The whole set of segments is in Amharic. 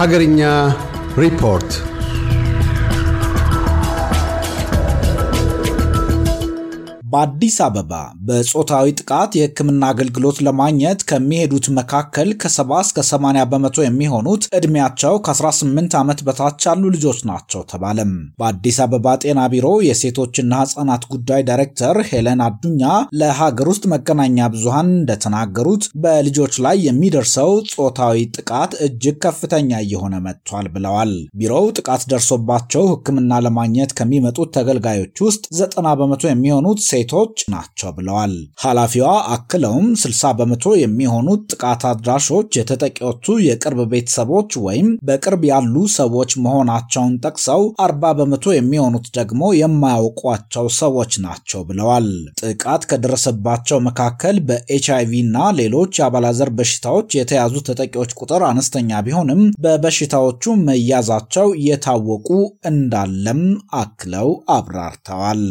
ሀገርኛ ሪፖርት በአዲስ አበባ በጾታዊ ጥቃት የሕክምና አገልግሎት ለማግኘት ከሚሄዱት መካከል ከ70 እስከ 80 በመቶ የሚሆኑት ዕድሜያቸው ከ18 ዓመት በታች ያሉ ልጆች ናቸው ተባለም። በአዲስ አበባ ጤና ቢሮ የሴቶችና ሕፃናት ጉዳይ ዳይሬክተር ሄለን አዱኛ ለሀገር ውስጥ መገናኛ ብዙሃን እንደተናገሩት በልጆች ላይ የሚደርሰው ጾታዊ ጥቃት እጅግ ከፍተኛ እየሆነ መጥቷል ብለዋል። ቢሮው ጥቃት ደርሶባቸው ሕክምና ለማግኘት ከሚመጡት ተገልጋዮች ውስጥ 90 በመቶ የሚሆኑት ሴቶች ናቸው ብለዋል። ኃላፊዋ አክለውም 60 በመቶ የሚሆኑት ጥቃት አድራሾች የተጠቂዎቹ የቅርብ ቤተሰቦች ወይም በቅርብ ያሉ ሰዎች መሆናቸውን ጠቅሰው 40 በመቶ የሚሆኑት ደግሞ የማያውቋቸው ሰዎች ናቸው ብለዋል። ጥቃት ከደረሰባቸው መካከል በኤችአይቪ እና ሌሎች የአባላዘር በሽታዎች የተያዙ ተጠቂዎች ቁጥር አነስተኛ ቢሆንም በበሽታዎቹ መያዛቸው የታወቁ እንዳለም አክለው አብራርተዋል።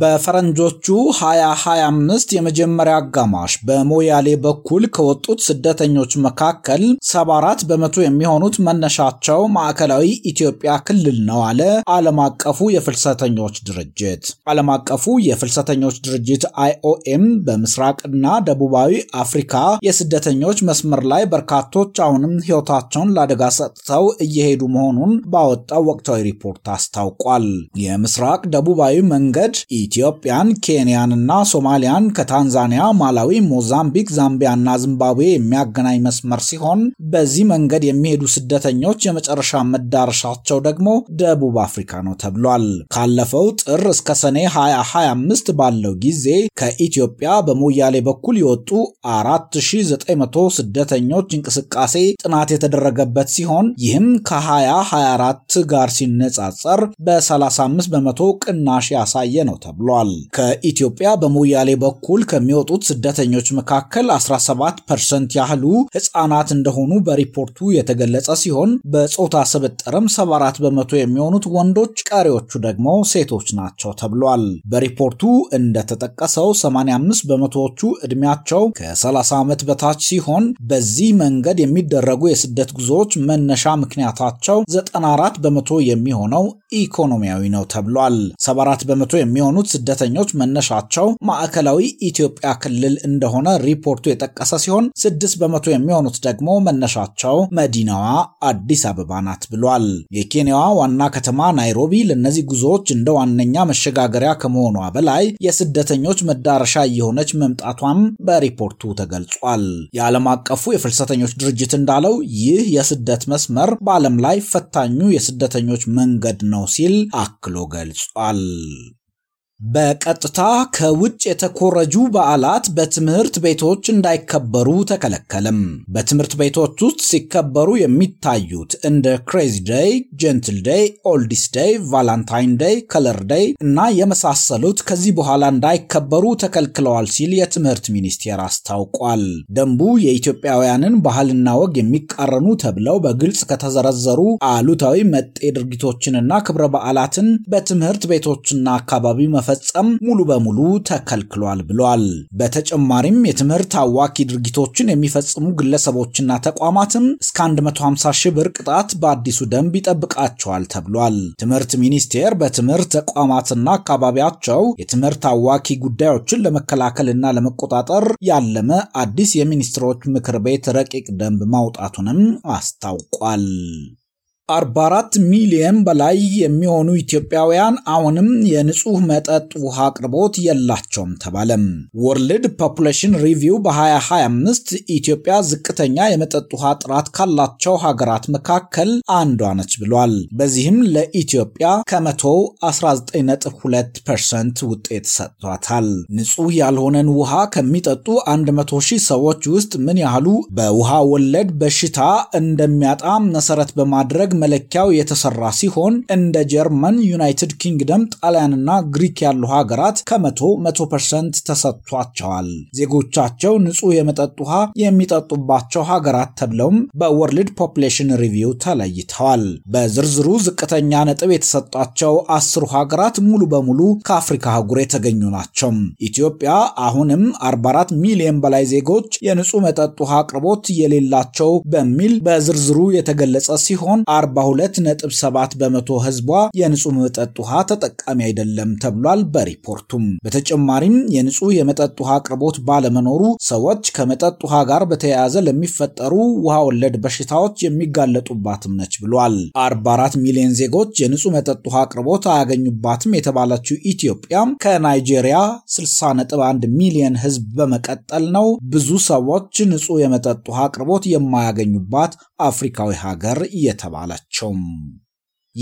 በፈረንጆቹ 2025 የመጀመሪያ አጋማሽ በሞያሌ በኩል ከወጡት ስደተኞች መካከል 74 በመቶ የሚሆኑት መነሻቸው ማዕከላዊ ኢትዮጵያ ክልል ነው አለ ዓለም አቀፉ የፍልሰተኞች ድርጅት። ዓለም አቀፉ የፍልሰተኞች ድርጅት አይኦኤም በምስራቅና ደቡባዊ አፍሪካ የስደተኞች መስመር ላይ በርካቶች አሁንም ሕይወታቸውን ለአደጋ ሰጥተው እየሄዱ መሆኑን ባወጣው ወቅታዊ ሪፖርት አስታውቋል። የምስራቅ ደቡባዊ መንገድ ኢትዮጵያን፣ ኬንያን እና ሶማሊያን ከታንዛኒያ፣ ማላዊ፣ ሞዛምቢክ፣ ዛምቢያ እና ዚምባብዌ የሚያገናኝ መስመር ሲሆን በዚህ መንገድ የሚሄዱ ስደተኞች የመጨረሻ መዳረሻቸው ደግሞ ደቡብ አፍሪካ ነው ተብሏል። ካለፈው ጥር እስከ ሰኔ 2025 ባለው ጊዜ ከኢትዮጵያ በሞያሌ በኩል የወጡ 4900 ስደተኞች እንቅስቃሴ ጥናት የተደረገበት ሲሆን ይህም ከ2024 ጋር ሲነጻጸር በ35 በመቶ ቅናሽ ያሳየ ነው ተብሏል። ከኢትዮጵያ በሞያሌ በኩል ከሚወጡት ስደተኞች መካከል 17 ፐርሰንት ያህሉ ህጻናት እንደሆኑ በሪፖርቱ የተገለጸ ሲሆን በጾታ ስብጥርም 74 በመቶ የሚሆኑት ወንዶች፣ ቀሪዎቹ ደግሞ ሴቶች ናቸው ተብሏል። በሪፖርቱ እንደተጠቀሰው 85 በመቶዎቹ እድሜያቸው ከ30 ዓመት በታች ሲሆን በዚህ መንገድ የሚደረጉ የስደት ጉዞዎች መነሻ ምክንያታቸው 94 በመቶ የሚሆነው ኢኮኖሚያዊ ነው ተብሏል። 74 በመቶ የሚሆ የሚሆኑት ስደተኞች መነሻቸው ማዕከላዊ ኢትዮጵያ ክልል እንደሆነ ሪፖርቱ የጠቀሰ ሲሆን ስድስት በመቶ የሚሆኑት ደግሞ መነሻቸው መዲናዋ አዲስ አበባ ናት ብሏል። የኬንያዋ ዋና ከተማ ናይሮቢ ለእነዚህ ጉዞዎች እንደ ዋነኛ መሸጋገሪያ ከመሆኗ በላይ የስደተኞች መዳረሻ እየሆነች መምጣቷም በሪፖርቱ ተገልጿል። የዓለም አቀፉ የፍልሰተኞች ድርጅት እንዳለው ይህ የስደት መስመር በዓለም ላይ ፈታኙ የስደተኞች መንገድ ነው ሲል አክሎ ገልጿል። በቀጥታ ከውጭ የተኮረጁ በዓላት በትምህርት ቤቶች እንዳይከበሩ ተከለከለም። በትምህርት ቤቶች ውስጥ ሲከበሩ የሚታዩት እንደ ክሬዚ ደይ፣ ጀንትል ደይ፣ ኦልዲስ ደይ፣ ቫላንታይን ደይ፣ ከለር ደይ እና የመሳሰሉት ከዚህ በኋላ እንዳይከበሩ ተከልክለዋል ሲል የትምህርት ሚኒስቴር አስታውቋል። ደንቡ የኢትዮጵያውያንን ባህልና ወግ የሚቃረኑ ተብለው በግልጽ ከተዘረዘሩ አሉታዊ መጤ ድርጊቶችንና ክብረ በዓላትን በትምህርት ቤቶችና አካባቢ መፈ ከመፈጸም ሙሉ በሙሉ ተከልክሏል ብሏል። በተጨማሪም የትምህርት አዋኪ ድርጊቶችን የሚፈጽሙ ግለሰቦችና ተቋማትም እስከ 150 ሺህ ብር ቅጣት በአዲሱ ደንብ ይጠብቃቸዋል ተብሏል። ትምህርት ሚኒስቴር በትምህርት ተቋማትና አካባቢያቸው የትምህርት አዋኪ ጉዳዮችን ለመከላከልና ለመቆጣጠር ያለመ አዲስ የሚኒስትሮች ምክር ቤት ረቂቅ ደንብ ማውጣቱንም አስታውቋል። 44 ሚሊየን በላይ የሚሆኑ ኢትዮጵያውያን አሁንም የንጹህ መጠጥ ውሃ አቅርቦት የላቸውም ተባለም። ወርልድ ፖፑሌሽን ሪቪው በ2025 ኢትዮጵያ ዝቅተኛ የመጠጥ ውሃ ጥራት ካላቸው ሀገራት መካከል አንዷ ነች ብሏል። በዚህም ለኢትዮጵያ ከመቶ 19.2 ፐርሰንት ውጤት ሰጥቷታል። ንጹህ ያልሆነን ውሃ ከሚጠጡ 100 ሺህ ሰዎች ውስጥ ምን ያህሉ በውሃ ወለድ በሽታ እንደሚያጣም መሰረት በማድረግ መለኪያው የተሰራ ሲሆን እንደ ጀርመን፣ ዩናይትድ ኪንግደም፣ ጣሊያንና ግሪክ ያሉ ሀገራት ከመቶ መቶ ፐርሰንት ተሰጥቷቸዋል። ዜጎቻቸው ንጹህ የመጠጥ ውሃ የሚጠጡባቸው ሀገራት ተብለውም በወርልድ ፖፕሌሽን ሪቪው ተለይተዋል። በዝርዝሩ ዝቅተኛ ነጥብ የተሰጣቸው አስሩ ሀገራት ሙሉ በሙሉ ከአፍሪካ አህጉር የተገኙ ናቸው። ኢትዮጵያ አሁንም 44 ሚሊዮን በላይ ዜጎች የንጹህ መጠጥ ውሃ አቅርቦት የሌላቸው በሚል በዝርዝሩ የተገለጸ ሲሆን 42.7 በመቶ ህዝቧ የንጹህ መጠጥ ውሃ ተጠቃሚ አይደለም ተብሏል በሪፖርቱም። በተጨማሪም የንጹህ የመጠጥ ውሃ አቅርቦት ባለመኖሩ ሰዎች ከመጠጥ ውሃ ጋር በተያያዘ ለሚፈጠሩ ውሃ ወለድ በሽታዎች የሚጋለጡባትም ነች ብሏል። 44 ሚሊዮን ዜጎች የንጹህ መጠጥ ውሃ አቅርቦት አያገኙባትም የተባለችው ኢትዮጵያም ከናይጄሪያ 60.1 ሚሊዮን ህዝብ በመቀጠል ነው ብዙ ሰዎች ንጹህ የመጠጥ ውሃ አቅርቦት የማያገኙባት አፍሪካዊ ሀገር እየተባለ Chom.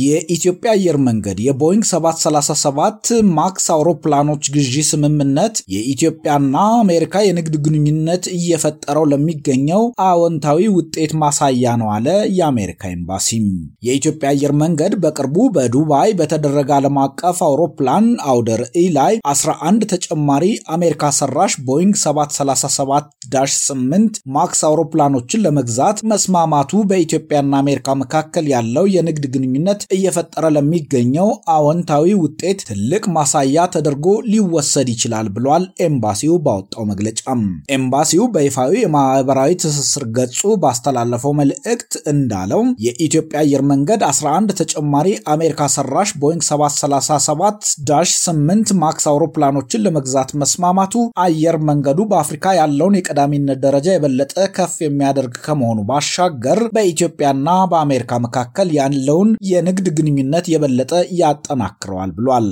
የኢትዮጵያ አየር መንገድ የቦይንግ 737 ማክስ አውሮፕላኖች ግዢ ስምምነት የኢትዮጵያና አሜሪካ የንግድ ግንኙነት እየፈጠረው ለሚገኘው አዎንታዊ ውጤት ማሳያ ነው አለ የአሜሪካ ኤምባሲም። የኢትዮጵያ አየር መንገድ በቅርቡ በዱባይ በተደረገ ዓለም አቀፍ አውሮፕላን አውደ ርዕይ ላይ 11 ተጨማሪ አሜሪካ ሰራሽ ቦይንግ 737-8 ማክስ አውሮፕላኖችን ለመግዛት መስማማቱ በኢትዮጵያና አሜሪካ መካከል ያለው የንግድ ግንኙነት እየፈጠረ ለሚገኘው አዎንታዊ ውጤት ትልቅ ማሳያ ተደርጎ ሊወሰድ ይችላል ብሏል ኤምባሲው ባወጣው መግለጫም። ኤምባሲው በይፋዊ የማህበራዊ ትስስር ገጹ ባስተላለፈው መልእክት እንዳለው የኢትዮጵያ አየር መንገድ 11 ተጨማሪ አሜሪካ ሰራሽ ቦይንግ 737 ዳሽ 8 ማክስ አውሮፕላኖችን ለመግዛት መስማማቱ አየር መንገዱ በአፍሪካ ያለውን የቀዳሚነት ደረጃ የበለጠ ከፍ የሚያደርግ ከመሆኑ ባሻገር በኢትዮጵያና በአሜሪካ መካከል ያለውን የንግድ ግንኙነት የበለጠ ያጠናክረዋል ብሏል።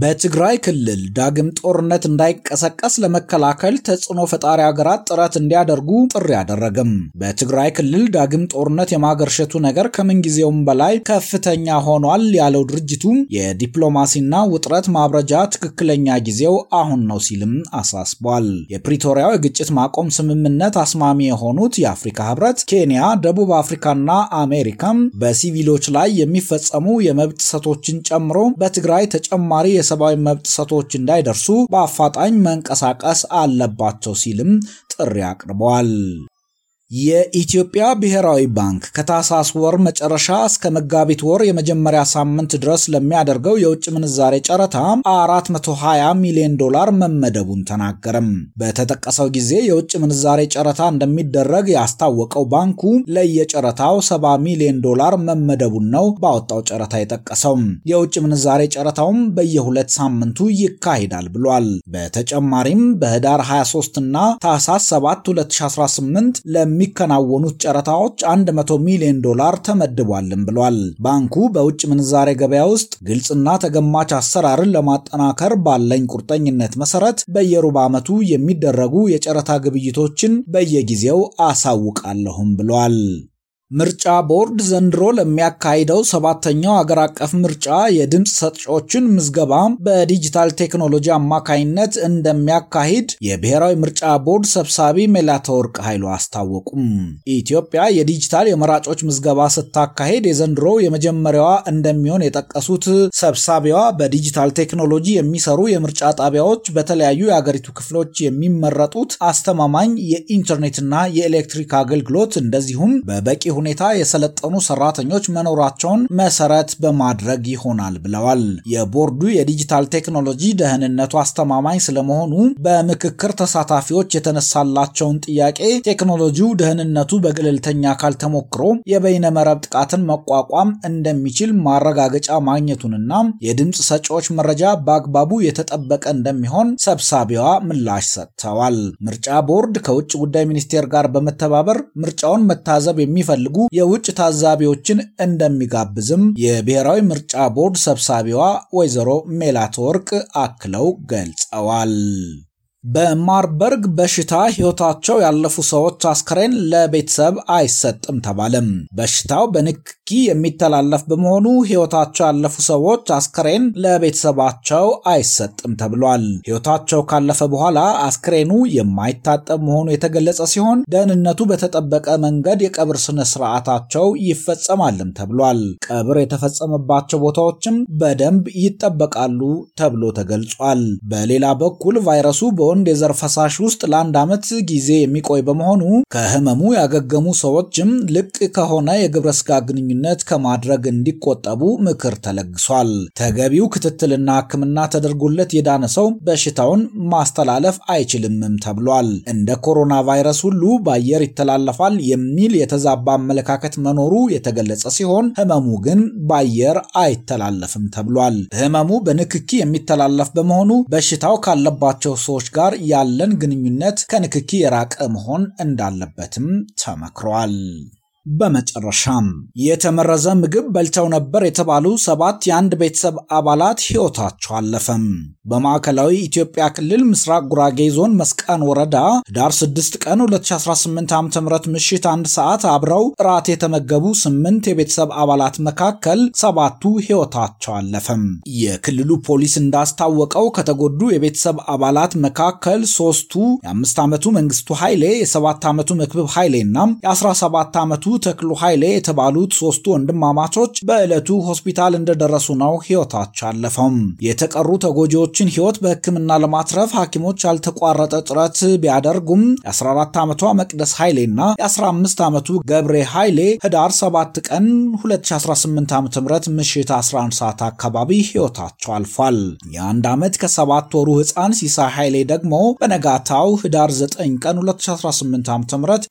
በትግራይ ክልል ዳግም ጦርነት እንዳይቀሰቀስ ለመከላከል ተጽዕኖ ፈጣሪ ሀገራት ጥረት እንዲያደርጉ ጥሪ አደረግም። በትግራይ ክልል ዳግም ጦርነት የማገርሸቱ ነገር ከምንጊዜውም በላይ ከፍተኛ ሆኗል ያለው ድርጅቱ የዲፕሎማሲና ውጥረት ማብረጃ ትክክለኛ ጊዜው አሁን ነው ሲልም አሳስቧል። የፕሪቶሪያው የግጭት ማቆም ስምምነት አስማሚ የሆኑት የአፍሪካ ህብረት፣ ኬንያ፣ ደቡብ አፍሪካና አሜሪካም በሲቪሎች ላይ የሚፈጸሙ የመብት ጥሰቶችን ጨምሮ በትግራይ ተጨማሪ የሰብአዊ መብት ጥሰቶች እንዳይደርሱ በአፋጣኝ መንቀሳቀስ አለባቸው ሲልም ጥሪ አቅርበዋል። የኢትዮጵያ ብሔራዊ ባንክ ከታህሳስ ወር መጨረሻ እስከ መጋቢት ወር የመጀመሪያ ሳምንት ድረስ ለሚያደርገው የውጭ ምንዛሬ ጨረታ 420 ሚሊዮን ዶላር መመደቡን ተናገረም። በተጠቀሰው ጊዜ የውጭ ምንዛሬ ጨረታ እንደሚደረግ ያስታወቀው ባንኩ ለየጨረታው 70 ሚሊዮን ዶላር መመደቡን ነው ባወጣው ጨረታ የጠቀሰው። የውጭ ምንዛሬ ጨረታውም በየሁለት ሳምንቱ ይካሄዳል ብሏል። በተጨማሪም በህዳር 23 እና ታህሳስ 7 2018 ለሚ ለሚከናወኑት ጨረታዎች 100 ሚሊዮን ዶላር ተመድቧልም ብሏል። ባንኩ በውጭ ምንዛሬ ገበያ ውስጥ ግልጽና ተገማች አሰራርን ለማጠናከር ባለኝ ቁርጠኝነት መሰረት በየሩብ ዓመቱ የሚደረጉ የጨረታ ግብይቶችን በየጊዜው አሳውቃለሁም ብሏል። ምርጫ ቦርድ ዘንድሮ ለሚያካሂደው ሰባተኛው አገር አቀፍ ምርጫ የድምፅ ሰጪዎችን ምዝገባ በዲጂታል ቴክኖሎጂ አማካኝነት እንደሚያካሂድ የብሔራዊ ምርጫ ቦርድ ሰብሳቢ ሜላተወርቅ ኃይሉ አስታወቁም። ኢትዮጵያ የዲጂታል የመራጮች ምዝገባ ስታካሄድ የዘንድሮ የመጀመሪያዋ እንደሚሆን የጠቀሱት ሰብሳቢዋ በዲጂታል ቴክኖሎጂ የሚሰሩ የምርጫ ጣቢያዎች በተለያዩ የአገሪቱ ክፍሎች የሚመረጡት አስተማማኝ የኢንተርኔትና የኤሌክትሪክ አገልግሎት እንደዚሁም በበቂ ሁኔታ የሰለጠኑ ሰራተኞች መኖራቸውን መሰረት በማድረግ ይሆናል ብለዋል። የቦርዱ የዲጂታል ቴክኖሎጂ ደህንነቱ አስተማማኝ ስለመሆኑ በምክክር ተሳታፊዎች የተነሳላቸውን ጥያቄ ቴክኖሎጂው ደህንነቱ በገለልተኛ አካል ተሞክሮ የበይነመረብ ጥቃትን መቋቋም እንደሚችል ማረጋገጫ ማግኘቱንና የድምፅ ሰጪዎች መረጃ በአግባቡ የተጠበቀ እንደሚሆን ሰብሳቢዋ ምላሽ ሰጥተዋል። ምርጫ ቦርድ ከውጭ ጉዳይ ሚኒስቴር ጋር በመተባበር ምርጫውን መታዘብ የሚፈልጉ እንዲፈልጉ የውጭ ታዛቢዎችን እንደሚጋብዝም የብሔራዊ ምርጫ ቦርድ ሰብሳቢዋ ወይዘሮ ሜላት ወርቅ አክለው ገልጸዋል። በማርበርግ በሽታ ሕይወታቸው ያለፉ ሰዎች አስከሬን ለቤተሰብ አይሰጥም ተባለም። በሽታው በንክኪ የሚተላለፍ በመሆኑ ሕይወታቸው ያለፉ ሰዎች አስከሬን ለቤተሰባቸው አይሰጥም ተብሏል። ሕይወታቸው ካለፈ በኋላ አስከሬኑ የማይታጠብ መሆኑ የተገለጸ ሲሆን ደህንነቱ በተጠበቀ መንገድ የቀብር ስነ ስርዓታቸው ይፈጸማልም ተብሏል። ቀብር የተፈጸመባቸው ቦታዎችም በደንብ ይጠበቃሉ ተብሎ ተገልጿል። በሌላ በኩል ቫይረሱ በ ቦንድ የዘር ፈሳሽ ውስጥ ለአንድ ዓመት ጊዜ የሚቆይ በመሆኑ ከህመሙ ያገገሙ ሰዎችም ልቅ ከሆነ የግብረ ስጋ ግንኙነት ከማድረግ እንዲቆጠቡ ምክር ተለግሷል። ተገቢው ክትትልና ሕክምና ተደርጎለት የዳነ ሰው በሽታውን ማስተላለፍ አይችልምም ተብሏል። እንደ ኮሮና ቫይረስ ሁሉ በአየር ይተላለፋል የሚል የተዛባ አመለካከት መኖሩ የተገለጸ ሲሆን ህመሙ ግን በአየር አይተላለፍም ተብሏል። ህመሙ በንክኪ የሚተላለፍ በመሆኑ በሽታው ካለባቸው ሰዎች ጋር ጋር ያለን ግንኙነት ከንክኪ የራቀ መሆን እንዳለበትም ተመክሯል። በመጨረሻም የተመረዘ ምግብ በልተው ነበር የተባሉ ሰባት የአንድ ቤተሰብ አባላት ሕይወታቸው አለፈም። በማዕከላዊ ኢትዮጵያ ክልል ምስራቅ ጉራጌ ዞን መስቀን ወረዳ ህዳር 6 ቀን 2018 ዓ.ም ምሽት አንድ ሰዓት አብረው እራት የተመገቡ ስምንት የቤተሰብ አባላት መካከል ሰባቱ ሕይወታቸው አለፈም። የክልሉ ፖሊስ እንዳስታወቀው ከተጎዱ የቤተሰብ አባላት መካከል ሶስቱ የአምስት ዓመቱ መንግስቱ ኃይሌ፣ የሰባት ዓመቱ መክብብ እና የ17 ዓመቱ ተክሉ ኃይሌ የተባሉት ሶስቱ ወንድማማቾች በዕለቱ ሆስፒታል እንደደረሱ ነው ሕይወታቸው አለፈውም። የተቀሩ ተጎጂዎችን ሕይወት በሕክምና ለማትረፍ ሐኪሞች ያልተቋረጠ ጥረት ቢያደርጉም የ14 ዓመቷ መቅደስ ኃይሌና የ15 ዓመቱ ገብሬ ኃይሌ ህዳር 7 ቀን 2018 ዓ ም ምሽት 11 ሰዓት አካባቢ ሕይወታቸው አልፏል። የአንድ ዓመት ከሰባት ወሩ ሕፃን ሲሳይ ኃይሌ ደግሞ በነጋታው ህዳር 9 ቀን 2018 ዓ ም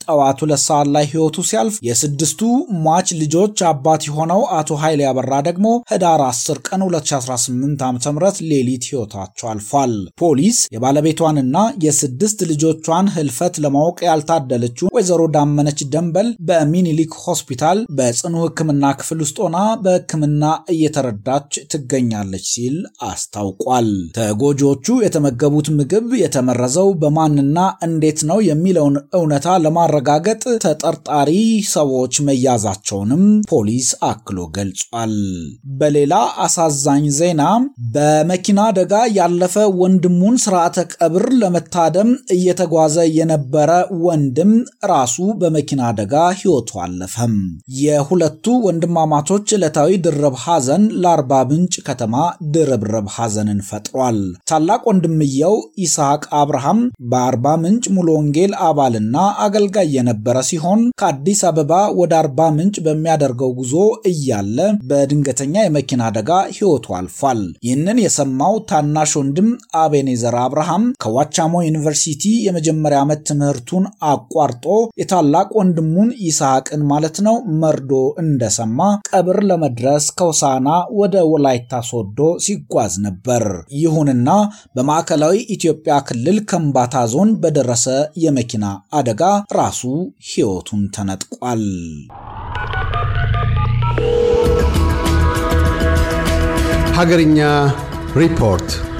ጠዋቱ ለሰዓት ላይ ሕይወቱ ሲያልፍ የስድስቱ ሟች ልጆች አባት የሆነው አቶ ኃይሌ አበራ ደግሞ ህዳር 10 ቀን 2018 ዓ.ም ሌሊት ህይወታቸው አልፏል። ፖሊስ የባለቤቷንና የስድስት ልጆቿን ህልፈት ለማወቅ ያልታደለችውን ወይዘሮ ዳመነች ደንበል በሚኒሊክ ሆስፒታል በጽኑ ህክምና ክፍል ውስጥ ሆና በህክምና እየተረዳች ትገኛለች ሲል አስታውቋል። ተጎጂዎቹ የተመገቡት ምግብ የተመረዘው በማንና እንዴት ነው የሚለውን እውነታ ለማረጋገጥ ተጠርጣሪ ሰ ሰዎች መያዛቸውንም ፖሊስ አክሎ ገልጿል። በሌላ አሳዛኝ ዜና በመኪና አደጋ ያለፈ ወንድሙን ስርዓተ ቀብር ለመታደም እየተጓዘ የነበረ ወንድም ራሱ በመኪና አደጋ ሕይወቱ አለፈም። የሁለቱ ወንድማማቾች ዕለታዊ ድርብ ሐዘን ለአርባ ምንጭ ከተማ ድርብርብ ሐዘንን ፈጥሯል። ታላቅ ወንድምየው ይስሐቅ አብርሃም በአርባ ምንጭ ሙሉ ወንጌል አባልና አገልጋይ የነበረ ሲሆን ከአዲስ አበባ አርባ ወደ አርባ ምንጭ በሚያደርገው ጉዞ እያለ በድንገተኛ የመኪና አደጋ ሕይወቱ አልፏል። ይህንን የሰማው ታናሽ ወንድም አቤኔዘር አብርሃም ከዋቻሞ ዩኒቨርሲቲ የመጀመሪያ ዓመት ትምህርቱን አቋርጦ የታላቅ ወንድሙን ይስሐቅን ማለት ነው መርዶ እንደሰማ ቀብር ለመድረስ ከውሳና ወደ ወላይታ ሶዶ ሲጓዝ ነበር። ይሁንና በማዕከላዊ ኢትዮጵያ ክልል ከምባታ ዞን በደረሰ የመኪና አደጋ ራሱ ሕይወቱን ተነጥቋል። ይላል። ሀገርኛ ሪፖርት